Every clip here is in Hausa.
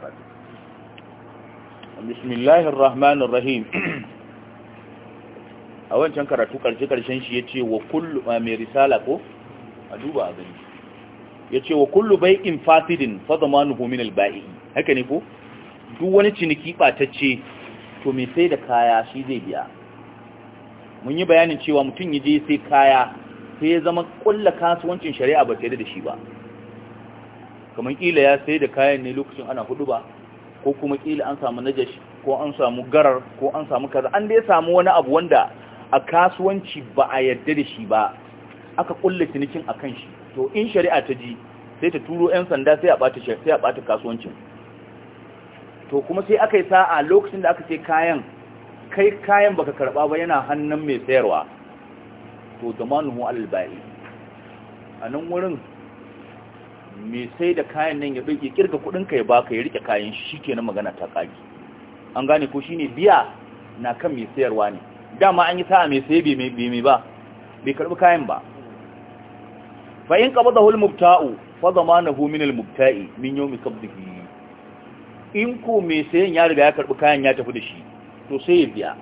karatu bismillahir rahmanir rahim a wancan karatu karshe karshen shi yace wa kullu mai risala ko a duba a gani yace wa kullu bai'in fasidin fa zamanuhu min al-ba'i haka ne ko duk wani ciniki batacce to me sai da kaya shi zai biya mun yi bayanin cewa mutum ya je sai kaya sai ya zama ƙulla kasuwancin shari'a ba tare da shi ba kamar kila ya sai da kayan ne lokacin ana hudu ba ko kuma kila an samu najashi ko an samu garar ko an samu kaza an dai samu wani abu wanda a kasuwanci ba a yadda da shi ba aka kulle cinikin kan shi to in shari'a ta ji sai ta turo 'yan sanda sai a bata sai a bata kasuwancin to kuma sai aka yi sa'a lokacin da aka ce kayan kai kayan baka karba ba yana hannun mai sayarwa to zamanuhu alal bai a nan wurin mai sai da kayan nan ya ɗauke kirga ka ya baka ya rike kayan shi ke na magana ta ƙari an gane ko shi ne biya na kan mai sayarwa ne dama an yi sa'a mai saye bai mai ba bai karɓi kayan ba Fa in ƙaba da hulmubta'u fa zama na hominal mubta'i min yau mai kabdiki in ko mai sayan ya riga ya karɓi kayan ya tafi da shi to sai ya biya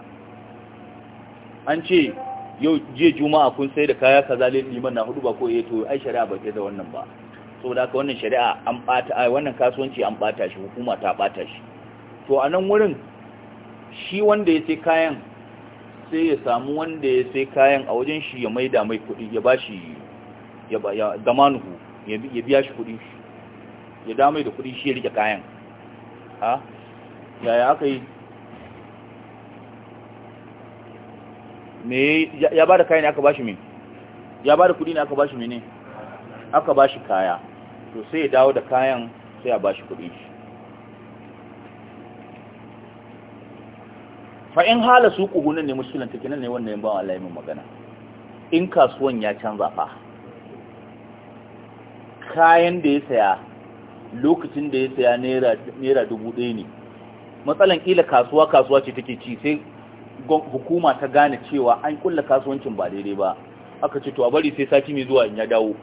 an ce yau jiya juma'a kun sai da kaya kaza liman na hudu ba ko eh to ai shari'a ba ke da wannan ba saboda ka wannan shari'a an bata wannan kasuwanci an bata shi hukuma ta bata shi to a nan wurin shi wanda ya sai kayan sai ya samu wanda ya sai kayan a wajen shi ya maida mai kuɗi ya bashi ya ba ya biya shi kuɗi ya damai da kuɗi shi ya rike kayan ha yaya aka yi me ya ba da kayan aka bashi mai? ya ba da kuɗi ne aka bashi mai ne aka ba shi kaya to sai ya dawo da kayan sai a ba shi kuɗi shi fa'in hala su ƙuhunan ne mushkilan take nan ne wannan yin bawa laimin magana in kasuwan ya canza fa kayan da ya saya lokacin da ya saya naira dubu ɗaya ne matsalan ƙila kasuwa kasuwa ce take ci sai hukuma ta gane cewa an kulla kasuwancin ba daidai ba aka ce to a bari sai sati mai zuwa in ya dawo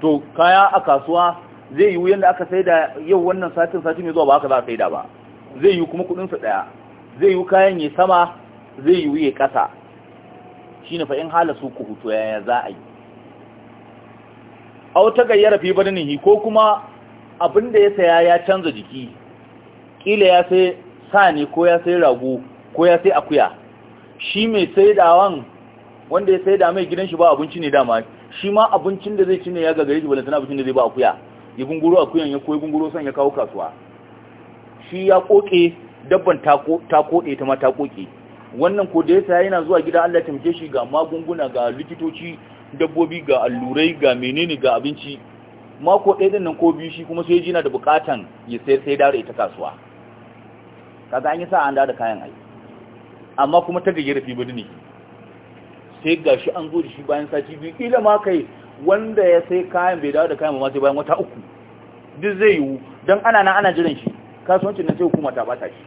to kaya a kasuwa zai yi yadda aka sai da yau wannan satin sati mai zuwa ba aka za a sai da ba zai yi kuma kudinsu daya zai yi kayan ya sama zai yi ya kasa shi na fa'in hala su ku hutu yaya za a yi a wata gayyara fi birnihi ko kuma abin da ya saya ya canza jiki ƙila ya sai sa ne ko ya sai rago ko ya sai akuya shi mai wanda ya da mai gidan shi ba abinci ne dama shi ma abincin da zai ci ne ya gagare shi balantana abincin da zai ba akuya ya gunguro akuyan ya koyi gunguro san ya kawo kasuwa shi ya koke dabban ta koɗe ta ma ta koke wannan ko da ya saya yana zuwa gida Allah tamke shi ga magunguna ga likitoci dabbobi ga allurai ga menene ga abinci mako ɗaya din nan ko biyu shi kuma sai jina da bukatan ya sayar sai dare ita kasuwa kaga an yi sa an da kayan ai amma kuma ta gayyar fi bidini sai ga shi an zo da shi bayan sati biyu kila ma kai wanda ya sai kayan bai dawo da kayan mamaci bayan wata uku duk zai yiwu don ana na, ana jiran shi kasuwancin nan sai hukuma ta bata shi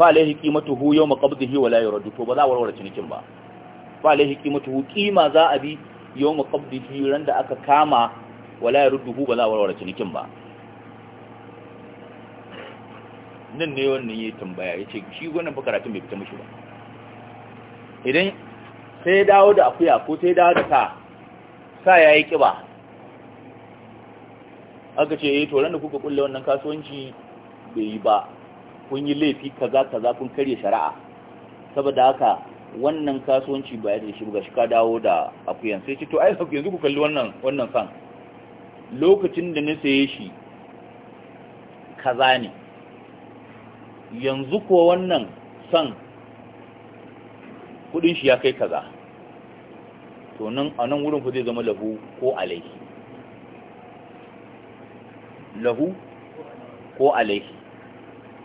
fa alaihi hu yawma qabdihi wala yuradu to ba za a warware cinikin ba fa alaihi hu qima za a bi yawma qabdihi ran da aka kama wala yurduhu ba za a warware cinikin ba nan ne wannan yayi tambaya yace shi wannan ba karatun bai fita mishi ba idan sai dawo da akuya ko sai dawo da sa sa ya yi ƙiba aka ce yi eh, toron da kuka kulle wannan kasuwanci bai yi ba kun yi laifi kaza kaza kun karye shari'a saboda haka wannan kasuwanci ba ya shi buga shi ka dawo da akuyan sai ce to ai yanzu ku kalli wannan wannan lokacin da na saye shi kaza ne yanzu kuwa wannan san kudin shi ya kai kaza to nan a nan wurin ku zai zama lahu ko alaihi lahu ko alaihi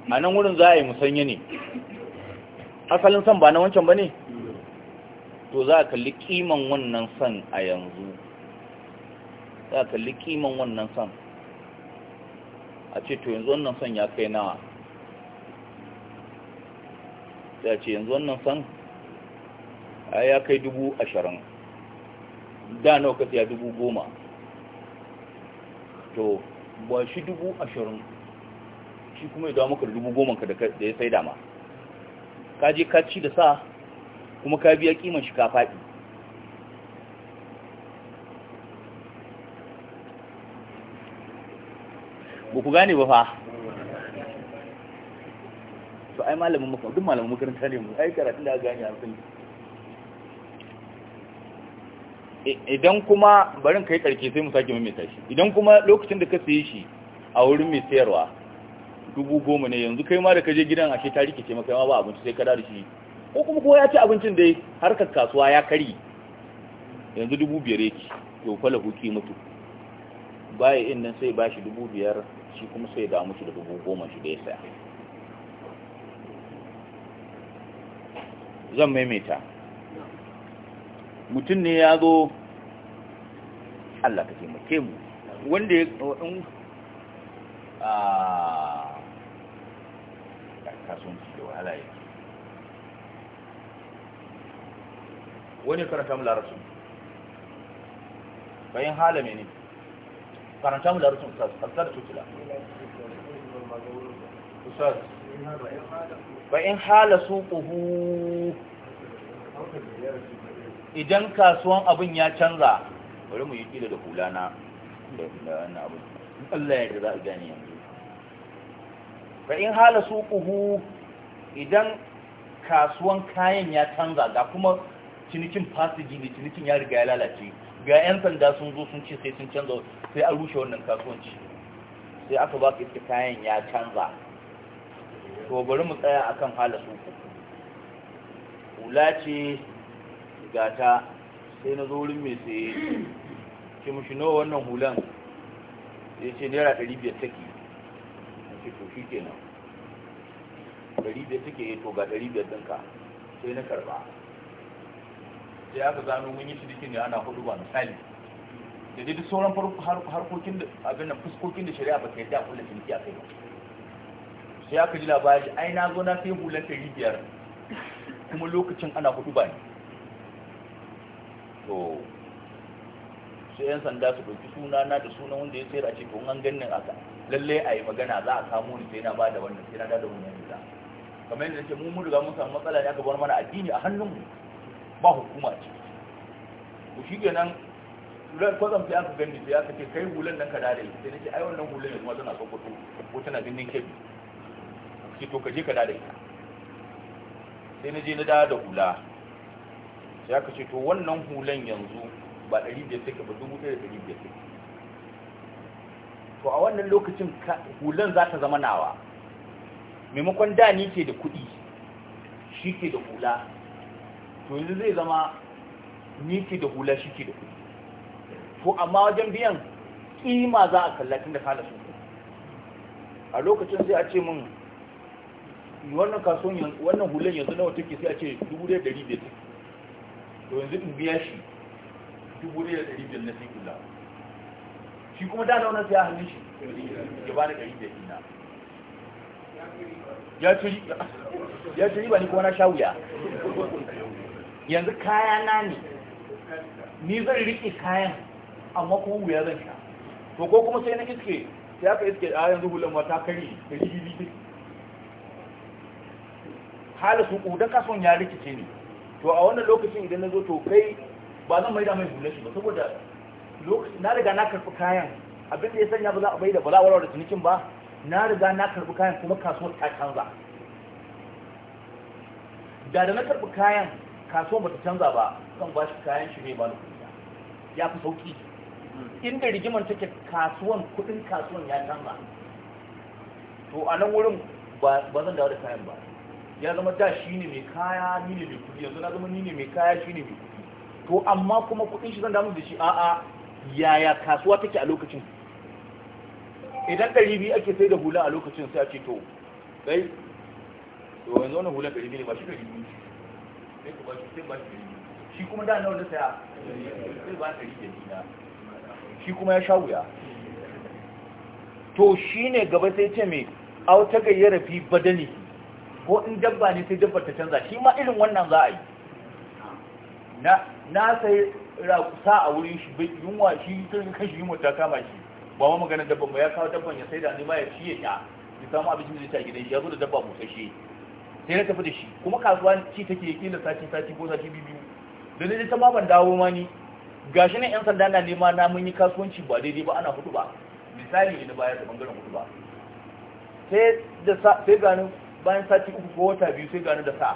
a nan wurin za a yi musanya ne asalin san ba na wancan ba ne to za a kalli kiman wannan san a yanzu za a kalli kiman wannan san a ce to yanzu wannan san ya kai nawa Ya ce yanzu wannan san ya kai dubu ashirin da nawa ka siya dubu goma to ba shi dubu ashirin shi kuma ya dawo maka da dubu goma ka da ya sai dama ka je ka ci da sa kuma ka biya kiman shi ka faɗi ba ku gane ba fa to ai malamin makarantar duk malamin makarantar ne mu ai karatun da gane a sani idan kuma barin kai karke sai mu sake maimaita shi idan kuma lokacin da ka saye shi a wurin mai sayarwa dubu goma ne yanzu kai ma da ka je gidan ashe ta rikice maka ma ba abinci sai ka da shi ko kuma kowa ya ci abincin dai harkar kasuwa ya kari yanzu dubu biyar yake to kwala huki mutu baya in nan sai bashi dubu biyar shi kuma sai da mutu da dubu goma shi da ya saya zan maimaita mutum ne ya zo Allah ka taimake mu wanda ya in a kasuwanci da wahala ya wani karanta mu larasun bayan hala ne karanta mu larasun kasar ustaz tutula bayan hala suquhu idan kasuwan abin ya canza bari mu yi kila da hula na da wannan abin Allah ya za a yanzu fa in hala suquhu idan kasuwan kayan ya canza ga kuma cinikin fasiji ne cinikin ya riga ya lalace ga 'yan sanda sun zo sun ce sai sun canza sai an rushe wannan kasuwanci sai aka ba ka kayan ya canza to bari mu tsaya akan hala suquhu hula ce gata sai na zo wurin mai tsaye ce mushi nawa wannan hulan ya ce naira ɗari biyar take na ce to shi kenan ɗari biyar take ya eh, to ga ɗari biyar ɗinka sai na karɓa sai aka gano mun yi shirikin ne ana hudu ba misali da dai sauran harkokin da abin nan fuskokin da shari'a ba ta yadda kula ciniki a kai ba sai aka ji labari ai na zo na sai hulan ɗari biyar kuma lokacin ana hudu ba ne to su yan sanda su ɗauki na da sunan wanda ya sayar a ce to an ganin aka lalle a yi magana za a kamo ni sai na ba da wannan sai na da wannan gida kamar yadda ce mu mun riga mun samu matsala ne aka bar mana addini a hannunmu ba hukuma ce ku shi kenan ran zan fi aka gani sai aka ce kai hulan nan ka dare sai nake ai wannan hulan yanzu ma tana sokoto ko tana binnin kebi ce to ka je ka dare sai na je na dawo da hula Ya aka ce to wannan hulan yanzu ba 500 take ba 1500 take to a wannan lokacin hulan za ta zama nawa maimakon da ni ke da kuɗi shi ke da hula to yanzu zai zama ni ke da hula shi ke da kuɗi to amma wajen biyan kima za a kalla tun da kana sun a lokacin sai a ce min wannan kasuwan wannan hulan yanzu nawa take sai a ce 1500 to yanzu in biya shi dubu daya da dari biyar na sikula shi kuma da sai ya hannun shi ya ba da ɗari biyar ina ya ci riba ni kuma na sha wuya yanzu kaya na ne ni zan riƙe kayan amma kuma wuya zan sha to ko kuma sai na iske sai aka iske a yanzu hulan ma ta kari da shi biyu hala su ƙudan kasuwan ya rikice ne to a wannan lokacin idan na zo to kai ba zan mai da mai hular shi ba saboda na riga na karɓi kayan abin da ya sanya ba za a bai da ba da tunikin ba na riga na karɓi kayan kuma kasuwar ta canza da da na karɓi kayan kasuwar ta canza ba kan ba shi kayan shi ne ba na kuɗi ya fi sauki inda rigiman take kasuwan kuɗin kasuwan ya canza to a nan wurin ba zan dawo da kayan ba ya zama da shi ne mai kaya ni ne mai kuɗi yanzu na zama ni ne mai kaya shi ne mai kuɗi to amma kuma kuɗin shi zan damu da shi a'a yaya kasuwa take a lokacin idan ɗari biyu ake sai da hula a lokacin sai a ce to sai to yanzu wani hula ɗari biyu ne ba shi ɗari biyu sai ba shi ɗari biyu shi kuma da nawa na saya sai ba ɗari biyu shi kuma ya sha wuya to shi ne gaba sai ce mai au ta gayyara fi badani ko in dabba ne sai dabbar ta canza shi ma irin wannan za a yi na sai sa a wurin shi yunwa shi sun kan shi yunwa ta kama shi ba ma maganar dabban ba ya kawo dabban ya sai da ne ba ya ci ya sha ya samu abincin da zai ci a gidan shi ya zo da dabba shi sai na tafi da shi kuma kasuwa ci take ya kila sati sati ko sati biyu da ne ta ma ban dawo ma ni gashi ne yan sanda na nema na mun yi kasuwanci ba daidai ba ana hudu ba misali ne bayar da bangaren hudu ba sai da sai ganin bayan sati uku ko wata biyu sai gani da sa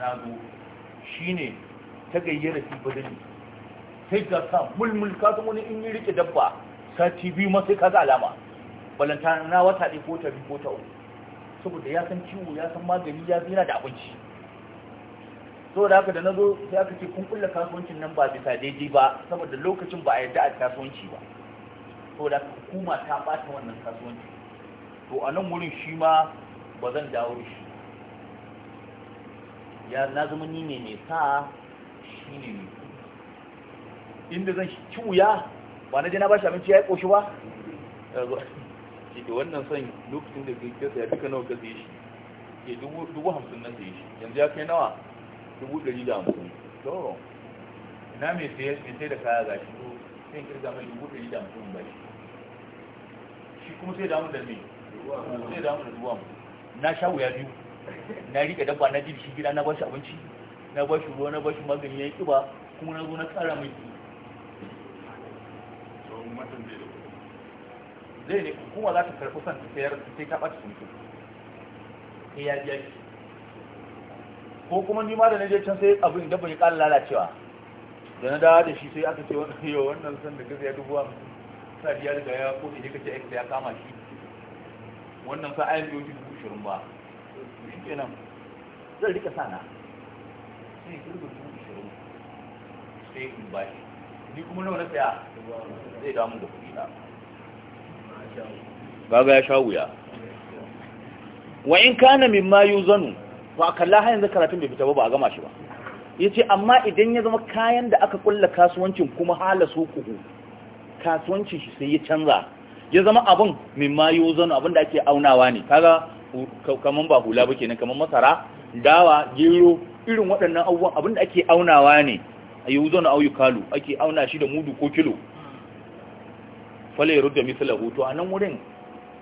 na zo shi ne ta gayyara fi badani sai ga sa mulmul ka zama wani in yi rike dabba sati biyu ma sai ka ga alama balanta na wata ɗaya ko ta biyu ko ta uku saboda ya san ciwo ya san magani ya zina da abinci so da haka da na zo sai aka ce kun kulle kasuwancin nan ba bisa daidai ba saboda lokacin ba a yarda a kasuwanci ba so da hukuma ta ɓata wannan kasuwanci to a nan wurin shi ma ba zan dawo da shi ya na zama ni ne mai sa shi ne ne inda zan ci wuya ba na je na ba shi abinci ya yi ƙoshi ba shi da wannan son lokacin da ka ya duka nawa ka zai shi ke eh, dubu hamsin nan zai shi yanzu ya kai nawa dubu dari da hamsin to ina mai sai da kaya ga shi sai kirga mai dubu dari da hamsin ba shi shi kuma sai damu da me sai damu da dubu hamsin na sha wuya biyu na rike dabba na ji shi gida na ba shi abinci na ba shi ruwa na ba shi magani ya kiba kuma na zo na tsara mai ki zai ne kuma za ta karɓi son ta sayar sai ta ɓata sun sai ya biya shi ko kuma nima da na je can sai abin dabba ya ƙara lalacewa da na dawo da shi sai aka ce wannan yau wannan da gaza ya dubuwa hamsin sa biya daga ya ko da ya kace ya kama shi wannan sa ayin biyu cikin ishirin ba shi nan. zan rika na. sai ya kirga dubu ishirin sai in ba shi ni kuma nawa na saya zai damu da kuɗi na gaga ya sha wuya wa in kana min ma yuzanu to akalla har yanzu karatun bai fita ba ba a gama shi ba yace amma idan ya zama kayan da aka kulla kasuwancin kuma hala kuhu kasuwancin shi sai ya canza ya zama abin min ma yuzan abin da ake aunawa ne kaga kaman ba hula ba kenan kaman masara dawa gero irin waɗannan abubuwan abin da ake aunawa ne yuzan auyu kalu ake auna shi da mudu ko kilo fala yurda hoto. A nan wurin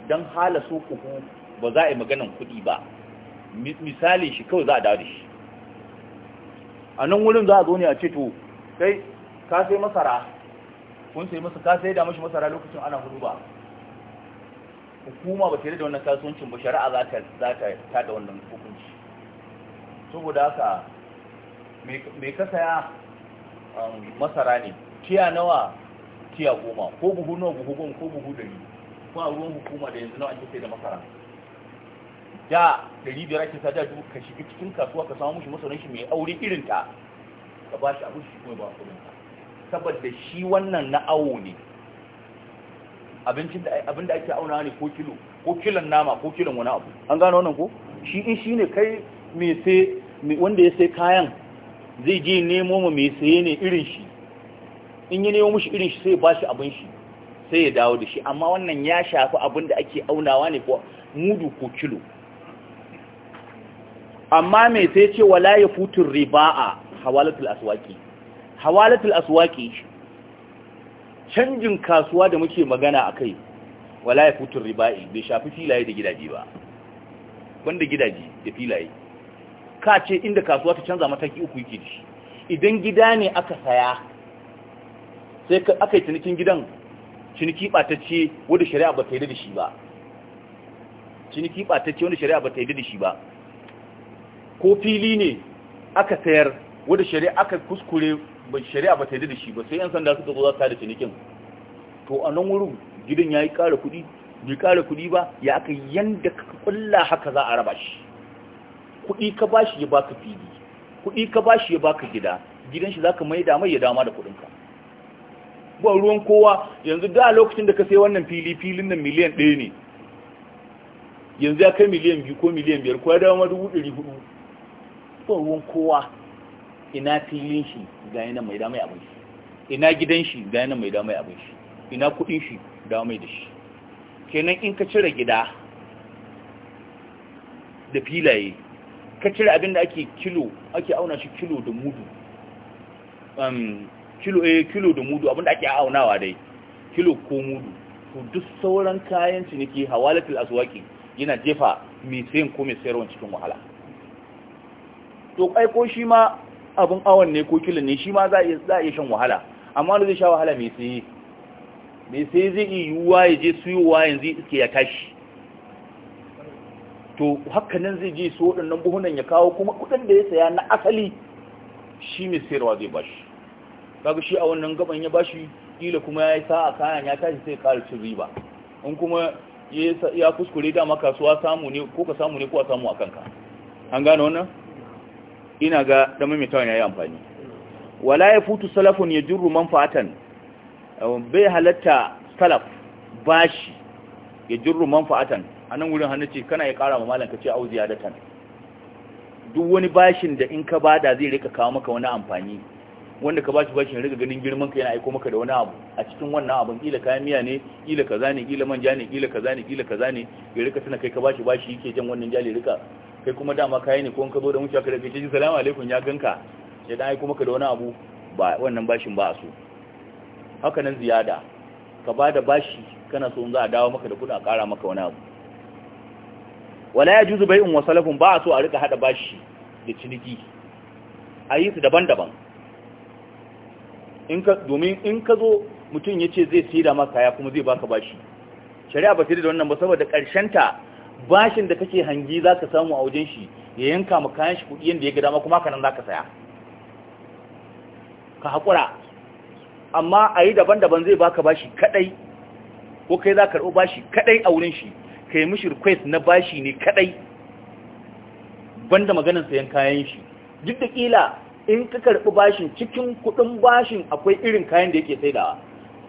don hala kuku ba za a yi maganan kuɗi ba misali shi kawai za a dawo da shi a nan wurin za a zo ne a ce to kai ka sai masara kun sai masa ka sai da mashi masara lokacin ana hudu ba hukuma ba ta da wannan kasuwancin ba shari'a za ta ta da wannan hukunci saboda haka mai kasa ya um, masara ne tiya nawa tiya goma ko buhu nawa buhu goma ko buhu dari ko a ruwan hukuma da yanzu nawa ake sai da masara da dari biyar ake sa da dubu ka shiga cikin kasuwa ka samu mishi masarar shi mai aure irin ta ka ba shi abu shi kuma ba kuɗin saboda shi wannan na awo ne abinda ake auna ne ko kilo ko kilon nama ko kilon wani abu an gano wannan ko shi in shi ne kai me sai wanda ya sai kayan zai je nemo ma mai saye ne irin shi in yi nemo mushi irin shi sai ba shi abin shi sai ya dawo da shi amma wannan ya shafi abin da ake aunawa ne ko mudu ko kilo amma mai sai ce wala ya futun riba'a hawalatul aswaki hawalatul aswaki canjin kasuwa da muke magana a kai wala ya futun riba'i bai shafi filaye da gidaje ba wanda gidaje da filaye ka ce inda kasuwa ta canza mataki uku yake da shi idan gida ne aka saya sai aka yi cinikin gidan ciniki ɓatacce wadda shari'a ba ta yi da shi ba ciniki ɓatacce wadda shari'a ba ta yi da shi ba ko fili ne aka sayar wadda shari'a aka kuskure shari'a ba ta yi da shi ba sai yan sanda suka zo za su tada cinikin to a nan wurin gidan ya yi ƙara kuɗi bai ƙara kuɗi ba ya aka yanda ka kulla haka za a raba shi kuɗi ka ba shi ya baka fili kuɗi ka ba shi ya ka gida gidan shi za ka mai damar ya dama da kuɗinka ba ruwan kowa yanzu da lokacin da ka sai wannan fili filin nan miliyan ɗaya ne yanzu ya kai miliyan biyu ko miliyan biyar ko ya dama dubu ɗari hudu ba ruwan kowa ina filin shi ga yana mai damai abin shi ina gidan shi ga yana mai damai abin shi ina kudin shi da mai da shi kenan in ka cire gida da filaye ka cire abin da ake kilo ake auna shi kilo da mudu um, kilo eh kilo da mudu abin da ake aunawa dai kilo ko mudu to duk sauran kayan ciniki hawalatul aswaqi yana jefa mai sayan ko mai sayarwa cikin wahala to kai ko shi ma abin awon ne ko kilin ne shi ma za a iya shan wahala amma wani zai sha wahala mai saye mai saye zai iya yiwuwa ya je suyowa yanzu iske ya tashi to haka nan zai je su waɗannan buhunan ya kawo kuma kudin da ya saya na asali shi mai sayarwa zai bashi kaga shi a wannan gaban ya shi kila kuma ya yi sa'a kayan ya tashi sai ƙara cin riba in kuma ya kuskure dama kasuwa samu ne ko ka samu ne ko a samu a kanka an gane wannan ina ga mai maimaitawa yayi amfani wala ya futu salafun ya yajru manfa'atan ehm, bai halatta salaf bashi ya yajru manfa'atan anan wurin hannu ce kana ya kara ma malan ka ce au ziyadatan duk wani bashin da in ka bada zai rika kawo maka wani amfani wanda ka bashi bashin rika ganin girman ka yana aiko maka da wani abu a cikin wannan abun kila kayan miya ne kila kaza ne kila manja ne kila kaza ne kila kaza ne ya rika tana kai ka bashi bashi yake jan wannan jali rika kai kuma dama kayi ne ko in ka zo da shaka da kai ji salamu alaikum ya ganka ya dan ai kuma ka da wani abu ba wannan bashin ba a so haka nan ziyada ka ba da bashi kana so in za a dawo maka da kudi a ƙara maka wani abu wala ya juzu bai'un wa salafun ba a so a rika hada bashi da ciniki a yi su daban-daban domin in ka zo mutum ya ce zai tsira maka ya kuma zai baka bashi shari'a ba sai da wannan ba saboda ta bashin da kake hangi za ka samu a wajen shi ya yanka ma kayan shi kuɗi yadda ya ga dama kuma kanan za ka saya ka haƙura amma a yi daban-daban zai baka bashi kaɗai ko kai za ka karɓo bashi kaɗai a wurin shi ka yi mishi request na bashi ne kaɗai banda maganin sayan kayan shi duk da ƙila in ka karɓi bashin cikin kuɗin bashin akwai irin kayan da yake saidawa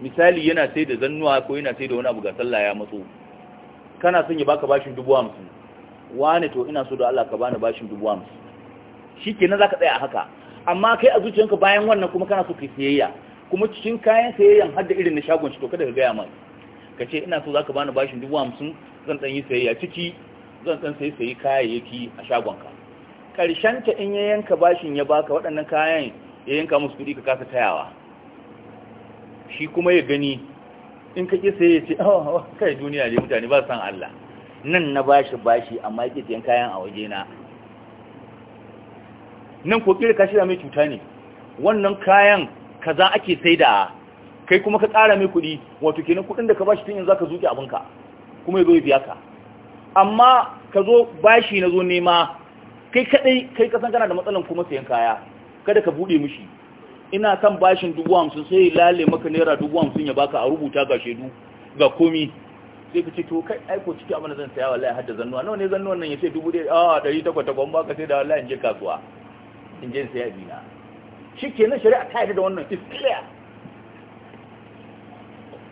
misali yana sai da zannuwa ko yana sai da wani abu ga sallah ya matso kana son ya baka bashin dubu hamsin wane to ina so da Allah ka bani bashin dubu hamsin shi ke nan za ka tsaya a haka amma kai a zuciyanka bayan wannan kuma kana so ka siyayya kuma cikin kayan siyayyan har da irin na shagon shi to kada ka gaya mai ka ce ina so za ka bani bashin dubu hamsin zan dan yi siyayya ciki zan dan sai sai kayayyaki a shagonka karshen ta in ya yanka bashin ya baka waɗannan kayan ya yanka musu kuɗi ka kasa tayawa shi kuma ya gani in ka ƙi ya ce oh, oh, kai duniya ne mutane ba san Allah nan na bashi bashi amma ya ƙi kayan a waje na nan ko ƙira ka da mai cuta ne wannan kayan kaza ake sai da kai kuma ka tsara mai kuɗi wato kenan kuɗin da ka bashi tun yanzu ka zuƙi abinka kuma ya zo ya biya ka amma ka zo bashi na zo nema kai kaɗai kai kasan kana da matsalan kuma sayan kaya kada ka buɗe mishi ina kan bashin dubu hamsin sai ya lale maka naira dubu hamsin ya baka a rubuta ga shaidu ga komi sai ka ce to kai aiko ciki abin da zan saya wallahi hadda zannuwa nawa ne zannuwan nan ya ce dubu ɗaya a ah, ɗari takwas takwas baka sai da wallahi in je kasuwa in je saya dina shi ke nan shari'a ta yi da wannan is clear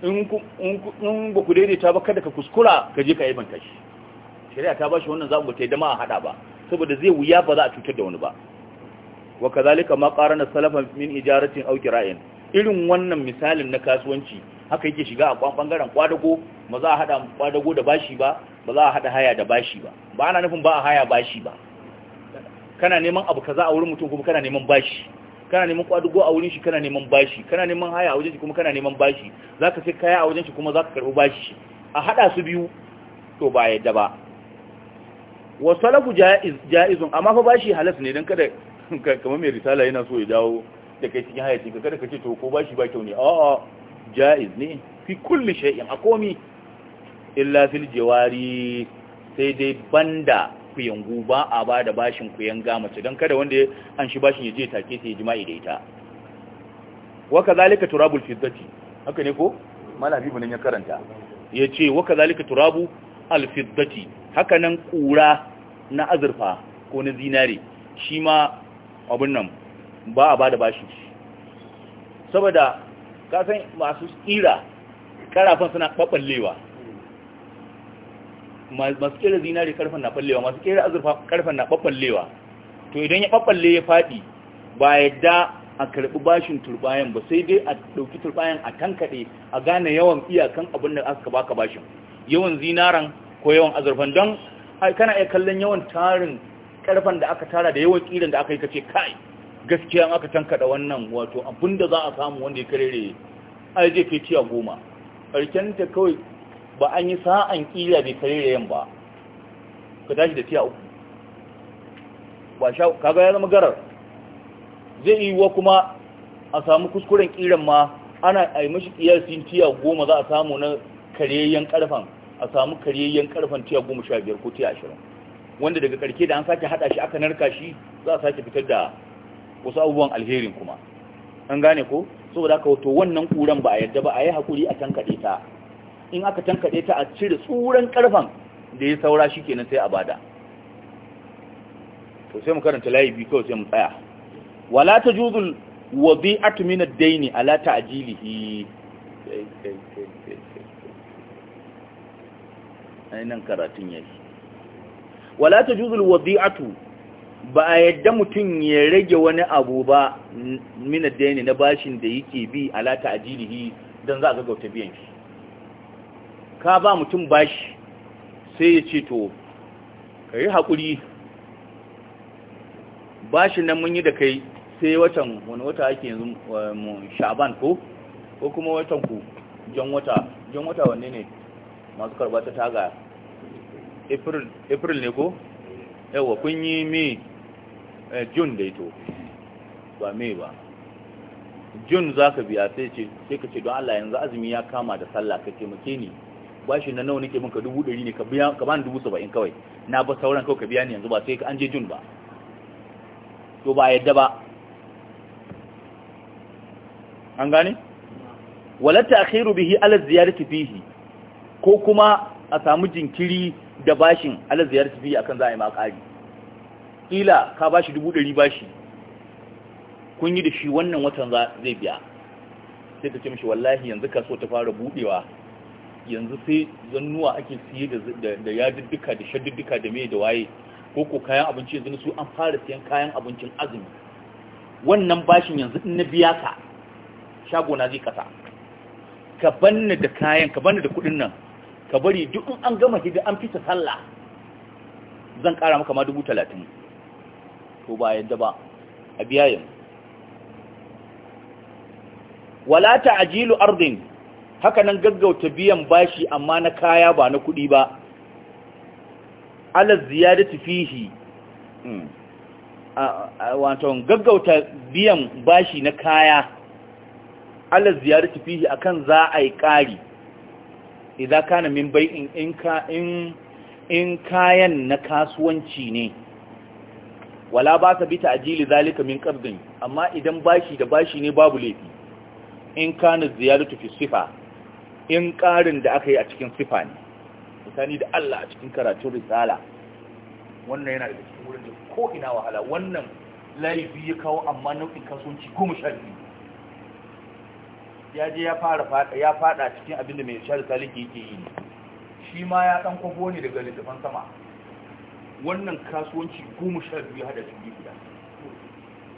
in ba ku daidaita ba kada ka kuskura ka je ka aibanta shi shari'a ta ba shi wannan zamu ta yi dama a haɗa ba saboda zai wuya ba za a cutar da wani ba wa kazalika ma qarana salafa min ijaratin aw kira'in irin wannan misalin na kasuwanci haka yake shiga a bangaren kwadago ba za a hada kwadago da bashi ba ba za a hada haya da bashi ba ba ana nufin ba a haya bashi ba kana neman abu kaza a wurin mutum kuma kana neman bashi kana neman kwadago a wurin shi kana neman bashi kana neman haya a wajen shi kuma kana neman bashi zaka sai kaya a wajen shi kuma zaka karbi bashi a hada su biyu to ba yadda ba wa salafu jaiz jaizun amma fa bashi halas ne dan kada kamar mai risala yana so ya dawo da kai cikin hayaci ka kada ka ce to ko bashi ba kyau ne a'a jaiz ne fi kulli shay'in a komi illa fil jawari sai dai banda kuyangu ba a ba da bashin kuyanga mace dan kada wanda an shi bashin ya je take sai jima'i da ita wa kazalika turabul fiddati haka ne ko malam habibu ya karanta yace wa kazalika turabu al fiddati haka nan kura na azurfa ko na zinare shi ma abin nan ba a ba da bashi saboda kasan masu tsira karafin suna ɓaɓɓallewa masu ƙera zinari karfin na ɓallewa masu ƙera azurfa karfin na ɓaɓɓallewa to idan ya ɓaɓɓalle ya faɗi ba yadda a karɓi bashin turbayan ba sai dai a ɗauki turbayan a tankaɗe a gane yawan iyakan abin da aka baka bashin yawan zinaran ko yawan azurfan don kana iya kallon yawan tarin karfan da aka tara da yawan kiran da aka yi kace kai gaskiya aka tankada wannan wato abinda za a samu wanda ya karere ai je kai tiya goma karken ta kawai ba an yi sa'an kila bai karere yan ba ka tashi da tiya uku ba sha kaga ya zama garar zai yi wa kuma a samu kuskuren kiran ma ana a yi mashi kiyasin tiya goma za a samu na karyayyen karfan a samu karyayyen karfan tiya goma sha biyar ko tiya ashirin wanda daga karke da an sake hada shi aka narka shi za a sake fitar da wasu abubuwan alherin kuma an gane ko saboda haka wato wannan kuran ba a yadda ba a yi hakuri a tankade ta in aka tankade ta a cire tsuran karfan da ya saura shi kenan sai a bada to sai mu karanta layi bi kawai sai mu tsaya wala tajuzul wadi'atu min ad daini ala ta'jilihi ai karatun yake wala ta juzul wadi'atu ba a yadda mutum ya rage wani abu ba mina daini na bashin da yake bi ala ta ajilihi don za a ta biyan shi ka ba mutum bashi sai ya ce to ka yi haƙuri bashin nan mun yi da kai sai watan wani wata ake yanzu eh, sha'aban ko ko kuma watan ku jan wata jan wata wanne ne masu karɓar ta taga april ne ko yawa kun yi may eh, june ito ba may ba june za ka biya sai ce sai ka ce don allah yanzu azumi ya kama da sallah ka taimake ni shi na nawa nake maka dubu ɗari ne ka ba dubu saba'in kawai na ba sauran kawai ka biya ni yanzu ba sai ka an je jun ba to ba yadda ba an gane walatta akhiru bihi ala ziyarati fihi ko kuma a samu jinkiri da bashin ala ziyarci biyu akan za a yi ma ƙila ka bashi dubu ɗari bashi kun yi da shi wannan watan zai biya sai ka ce mashi wallahi yanzu kaso ta fara buɗewa yanzu sai zannuwa ake siye da duka da duka da mai da waye ko ko kayan abinci yanzu su an fara siyan kayan abincin azumi wannan bashin yanzu na biya ka shagona zai kasa ka banna da kayan ka banna da kuɗin nan ka bari duk an gama hidda an fita sallah zan kara maka ma dubu talatin to ba yadda ba a biya yanzu wala ta'jilu ardin haka nan gaggauta biyan bashi amma na kaya ba na kuɗi ba ala ziyadati fihi hmm, wato gaggauta biyan bashi na kaya ala ziyadati fihi akan za a yi ƙari idan kana min bai in ka in in kayan na kasuwanci ne wala ba ka bi ta'jili zalika min qabdin amma idan bashi da bashi ne babu laifi in kana ziyaratu fi sifa in karin da aka yi a cikin sifa ne misali da Allah a cikin karatun risala wannan yana da cikin wurin da ko ina wahala wannan laifi ya kawo amma nau'in kasuwanci goma sha biyu ya je ya fara fada ya fada cikin abin da mai shar saliki yake yi shi ma ya dan kwafo ne daga littafan sama wannan kasuwanci goma sha biyu hada biyu da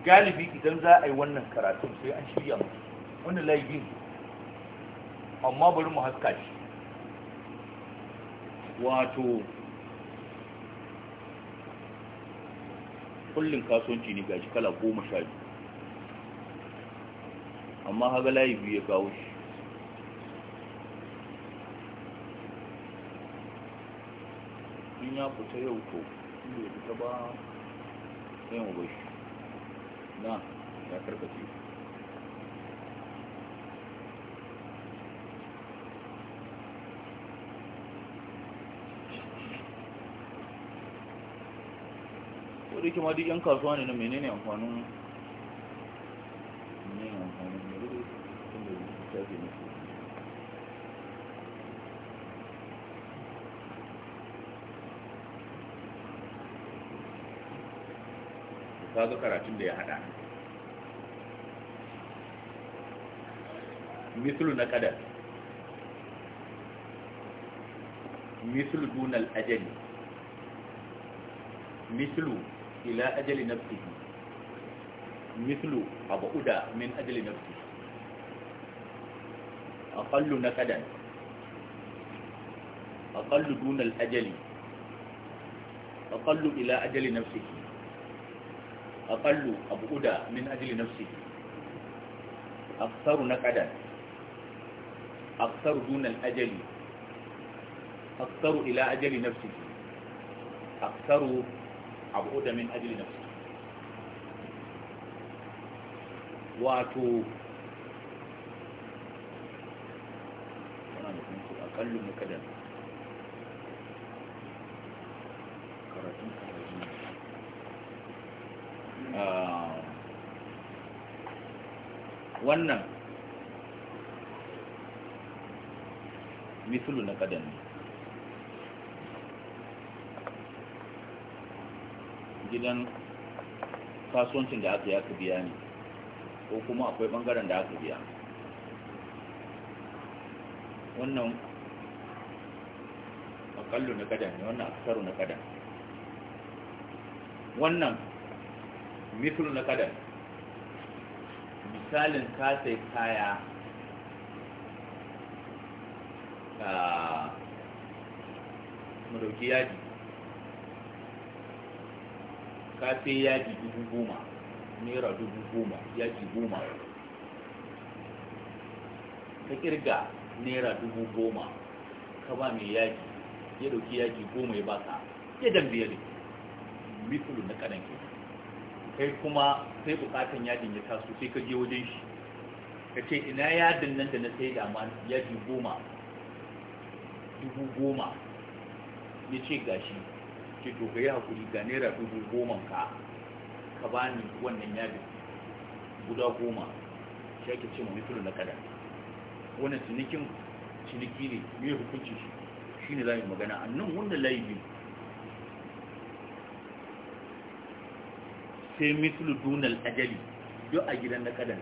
galibi idan za a yi wannan karatun sai an shirya mu wannan layi amma bari mu haska shi wato kullum kasuwanci ne gashi kala goma sha biyu amma haga layi biyu ya kawo shi in ya fita yau ko inda ya fita ba sai mu bai na ya karkace ko da yake ma duk yan kasuwa ne na menene amfanin ba karatun da ya hada mislu na kadar mislu dunal ajali mislu ila ajali nafsihi mislu abuda min ajali nafsihi aqallu naqadan aqallu dunal ajali aqallu ila ajali nafsihi aqallu abuda min ajli nafsi aktharu naqadan aktharu dun al-ajali aktharu ila ajali nafsi aktharu abuda min ajli nafsi wato wannan mutum aqallu naqadan karatun karatun Ah, wannan misulu na kadan ne gidan kasuwancin da aka yi aka biya ne ko kuma akwai bangaren da aka biya wannan akallu na kadan ne wannan aksaru na kadan wannan mithlu na kadar misalin ka kaya a ah, madauki yaji ka sai yaji dubu goma naira dubu goma yaji goma ka kirga naira dubu goma ka ba mai yaji ya dauki yaji goma ya baka ya dambe ne mithlu na kadan kenan kai kuma sai bukatan yadin ya taso sai ka je wajen shi ka ce ina yadin nan da na sai da ma yadi goma dubu goma ya ce gashi ce to ka yi hakuri ga naira dubu goman ka ka bani wannan yadin guda goma shi ake ce ma na kada wannan cinikin ciniki ne mai hukunci shi ne za mu magana a nan wannan layi biyu sai mislu dunal ajali yo a gidan na kadan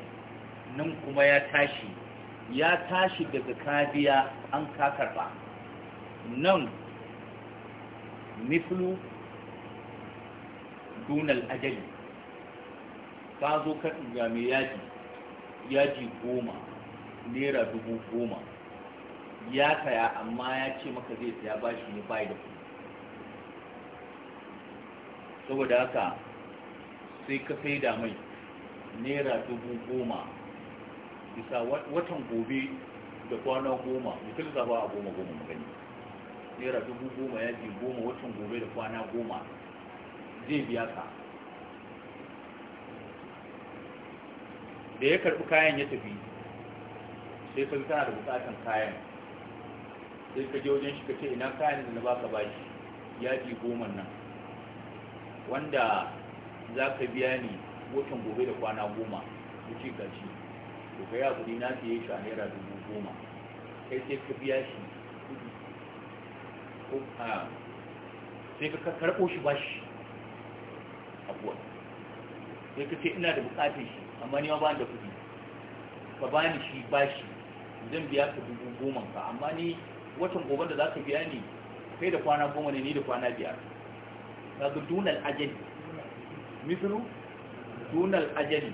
nan kuma ya tashi ya tashi daga kadiya an kakarba nan mislu dunal ajali ka zo ka ga mai yaji yaji goma naira dubu goma ya kaya amma ya ce maka zai saya bashi ne bai da ku. saboda haka sai ka sai da mai naira dubu goma bisa watan gobe da kwana goma mutum za a goma goma magani naira dubu goma ya ji goma watan gobe da kwana goma zai biya ka da ya karɓi kayan ya tafi sai ka tana da bukatan kayan sai ka je wajen shi ka ce ina kayan da na baka bashi ya ji goma nan wanda za ka biya ni watan gobe da kwana goma da ce gashi to ka yi hakuri na siye shi a naira dubu goma kai sai ka biya shi sai ka karɓo shi shi a kuwa sai ka ce ina da bukatar shi amma ni ma ba da kuɗi ka ba ni shi shi zan biya ka dubu goma ka amma ni watan gobe da za ka biya ni kai da kwana goma ne ni da kwana biyar ka ga dunan ajali mislu dunal ajali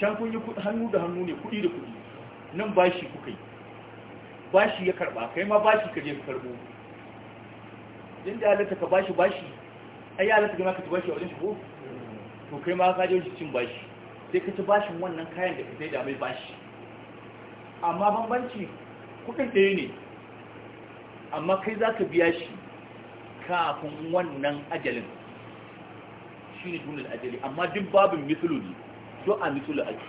can kun yi hannu da hannu ne kudi da kudi nan bashi kuka yi bashi ya karba kai ma bashi ka je ka karbo din da halatta ka bashi bashi ai halatta gama ka ci bashi a wajen shigo to kai ma ka je wajen cin bashi sai ka ci bashin wannan kayan da ka sai da mai bashi amma banbanci, kudin ɗaya ne amma kai za ka biya shi kafin wannan ajalin shi ne tunan ajali amma duk babin misulu ne to a misulu ake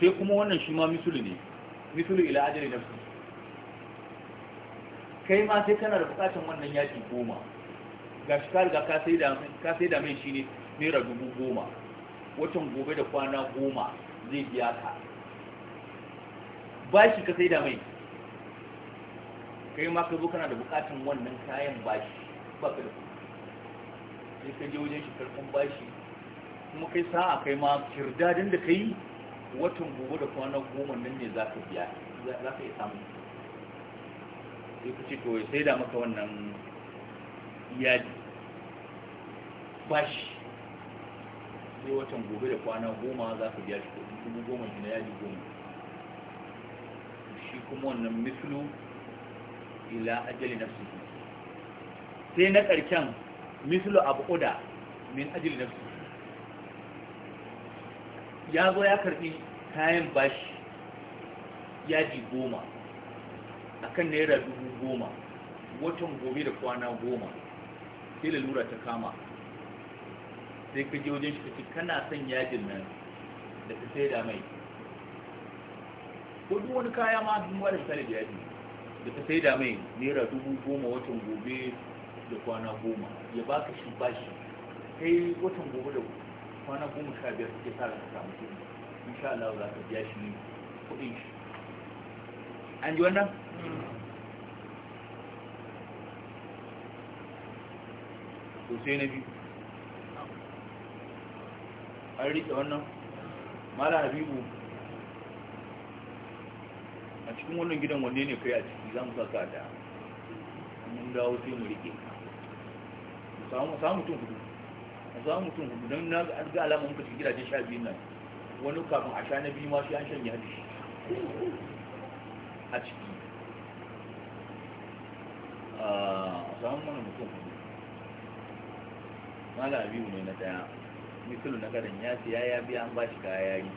sai kuma wannan shi ma misulu ne misulu ila ajali na su kai ma sai kana da bukatan wannan yaki goma ga shi kariga ka sai da mai shi ne naira dubu goma watan gobe da kwana goma zai biya ka ba shi ka sai da mai kai ma ka zo kana da bukatun wannan kayan bashi ba ka da kuɗi sai ka je wajen shi karfin bashi kuma kai sa'a kai ma kirdadin da kai watan gobe da kwana goma nan ne za ka biya za ka yi samun sai ka ce kawai sai da maka wannan yadi bashi sai watan gobe da kwana goma za ka biya shi kuɗi kuma goma shi na yadi goma shi kuma wannan mislu ila ajali nafsi sai na ƙarshen mislu abu uda min ajali nafsi ya zo ya karɓi kayan bashi yaji goma a kan naira dubu goma watan gobe da kwana goma sai lalura ta kama sai ka je wajen shi kana son yajin nan da ka sai da mai ko duk wani kaya ma duk wani misali da yaji da ta sai da mai naira dubu goma watan gobe da kwana goma ya baka shi bashi sai watan gobe da kwana goma sha biyar suke sa ka samu kuɗi sha Allah za ka biya shi kuɗin shi an ji wannan to sai na biyu an riƙe wannan mala habibu a cikin wannan gidan wanne ne kai a ciki za mu saka da mun dawo sai mu rike samu samu mutum hudu samu tun hudu don na ga alama muka cikin gidajen sha biyu nan wani kafin a sha na biyu ma shi an shanye hadi a ciki a samu mana mutum hudu mala biyu ne na daya misalu na garin ya ce ya biya an ba shi kaya yi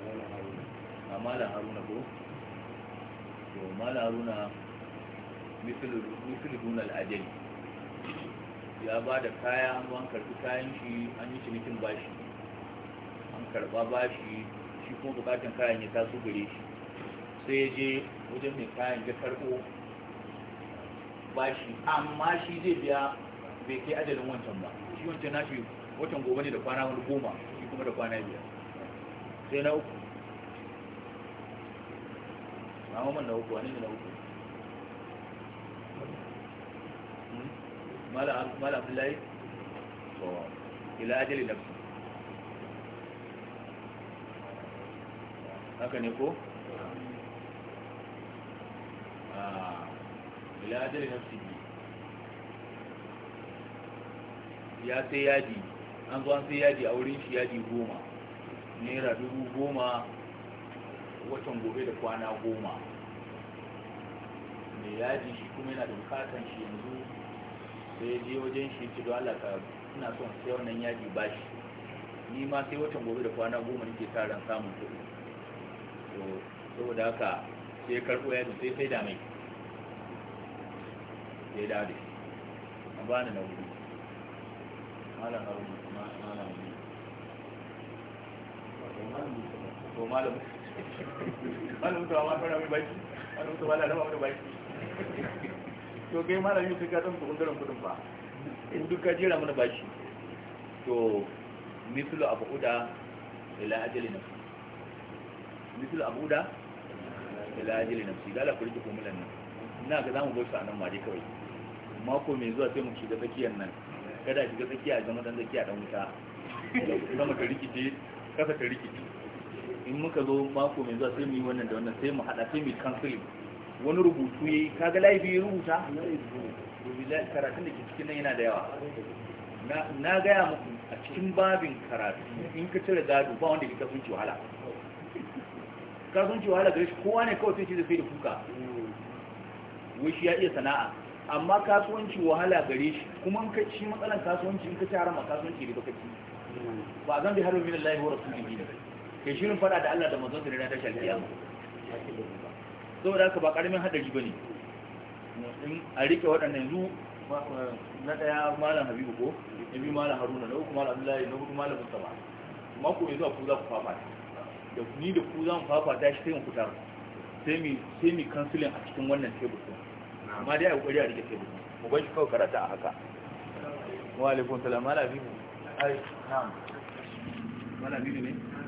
a la haruna ko mana runa misali runar ajali ya ba da kaya an karfi kayan shi an yi cinikin bashi an karba bashi shi kuma bukatan kayan ya taso gare shi sai ya je wajen mai kayan ya karbo bashi amma shi zai biya bai kai adadin wancan ba shi wancan nashi wancan gobe ne da kwana wani goma shi kuma da kwana biya sai na uku na mamman na uku wani ne na uku hmm? mala abdullahi to ila ajali nafsi haka ne ko ah, ila ajali nafsi ya sai yaji an zuwa sai yaji a wurin shi yaji goma naira dubu goma watan gobe da kwana goma mai yaji shi kuma yana da bukatan shi yanzu sai je wajen shi ce don Allah ka ina son sai wannan yaji ba shi ni ma sai watan gobe da kwana goma nake sa ran samun kuɗi to saboda haka sai karɓo yajin sai sai da mai sai da da ba bani na wuri malam haruni malam haruni to malam wani mutuwa ma tura mai baki wani mutuwa na rama mai baki to kai malami sai ka san kudin kudin ba in duka jira mana bashi to mislu abuda ila ajali nafsi mislu abuda ila ajali nafsi da la kulli kumulan nan ina ga zamu bar su anan ma dai kawai mako mai zuwa sai mu shiga tsakiyar nan kada shiga tsakiya zama dan tsakiya dan wuta zama ta rikice kasa ta rikice in muka zo mako mai zuwa sai mu yi wannan da wannan sai mu haɗa sai mu yi kansiri wani rubutu ya yi kaga laifi ya rubuta karatun da ke cikin nan yana da yawa na gaya muku a cikin babin karatu in ka cire gado ba wanda ke kasance wahala kasance wahala gare shi kowa ne kawai sai ce da sai da kuka wai shi ya iya sana'a amma kasuwanci wahala gare shi kuma in ka ci matsalan kasuwanci in ka ci harama kasuwanci da baka ci ba zan bi harbin lillahi wa rasulihi ne ke shirin fada da Allah da manzon sa ne ta shafi yamma saboda haka ba karamin hadari bane in a rike waɗannan yanzu na daya malam habibu ko na biyu malam haruna na uku malam abdullahi na hudu malam mustafa mako yanzu a ku za ku fafata da ni da ku za mu fafata shi sai mu fita sai mi sai mi kansilin a cikin wannan tebur din amma dai a kokari a rike tebur mu bar shi kawai karata a haka wa alaikum salam malam habibu ai na'am malam habibu ne